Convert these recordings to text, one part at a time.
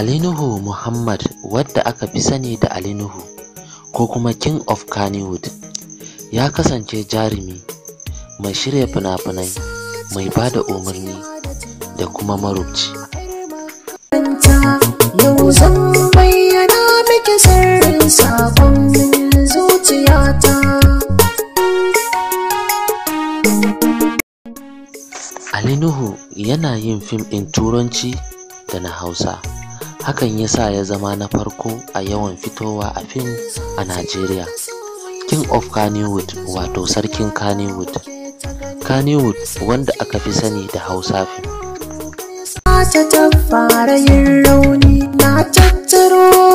Alinuhu Muhammad wadda aka fi sani da Alinuhu ko kuma King of Kannywood ya kasance jarumi mai shirya fina-finai mai ba da umarni da kuma marubci. Yau zan bayyana miki sabon Nuhu yana yin fim ɗin Turanci da na Hausa. hakan ya sa ya zama na farko a yawan fitowa a fim a Najeriya. King of Kannywood wato Sarkin Kannywood. Kannywood wanda aka fi sani da Hausa fim. ta rauni na tattaro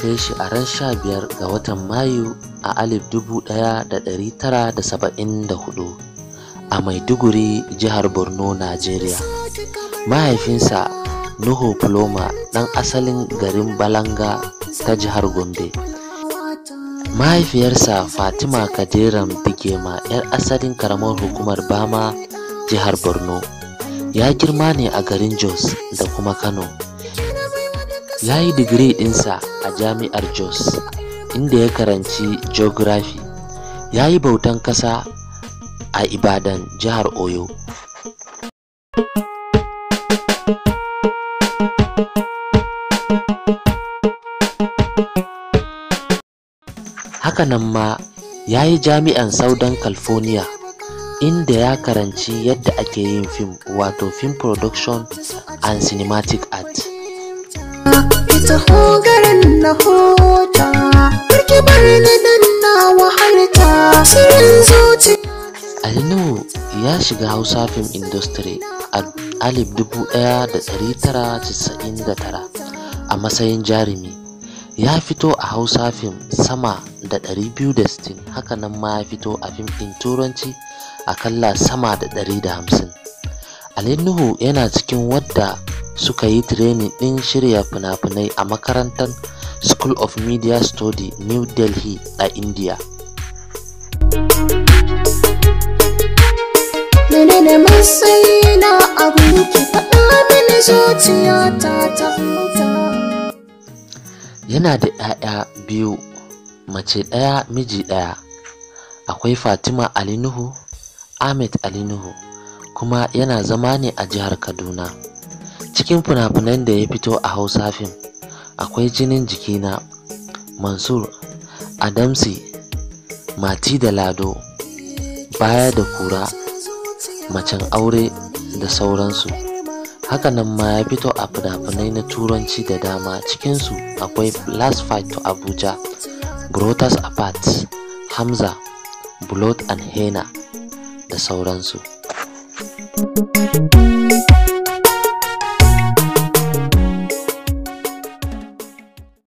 kai shi a ran sha biyar ga watan Mayu a alif dubu ɗaya da da da tara saba'in hudu a Maiduguri, jihar Borno, Najeriya. Mahaifinsa Nuhu Ploma ɗan asalin garin Balanga ta jihar Gombe. Mahaifiyarsa Fatima Kadiram Bigema 'yar asalin karamar hukumar Bama jihar Borno. Ya girma ne a garin Jos da kuma Kano. Ya yi digiri ɗinsa a jami'ar Jos, inda ya karanci Geography. Ya yi bautan ƙasa a Ibadan, jihar Oyo. Hakanan ma ya yi jami'an Southern California inda ya karanci yadda ake yin fim wato film production and cinematic art. taho garin na hota Barki bar ni na wahalta zuci ya shiga Hausa Film Industry a alif dubu ɗaya da ɗari tara casa'in da tara a matsayin jarumi ya fito a Hausa Film sama da ɗari biyu da sittin hakanan ma ya fito a fim ɗin Turanci a kalla sama da ɗari da hamsin. Ali Nuhu yana cikin wadda suka yi tirenin ɗin shirya fina-finai a makarantar School of Media Study, New Delhi a India. Yana da ‘ya'ya biyu, mace ɗaya miji ɗaya, akwai Fatima Ali Nuhu, Ahmed Ali Nuhu, kuma yana zama ne a jihar Kaduna. cikin fina-finan da ya fito a hausa fim akwai jinin jiki na mansur adamsi mati da lado baya da kura macen aure da sauransu hakanan ma ya fito a fina-finai na turanci da dama cikinsu akwai last fight to abuja brothers apart hamza blood and hena da sauransu